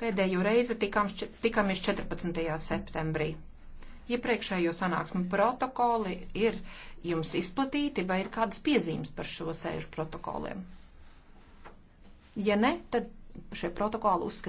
Pēdējo reizi tikām, tikāmies 14. septembrī. Iepriekšējo sanāksmu protokoli ir jums izplatīti vai ir kādas piezīmes par šo sēžu protokoliem? Ja ne, tad šie protokoli uzskatīt.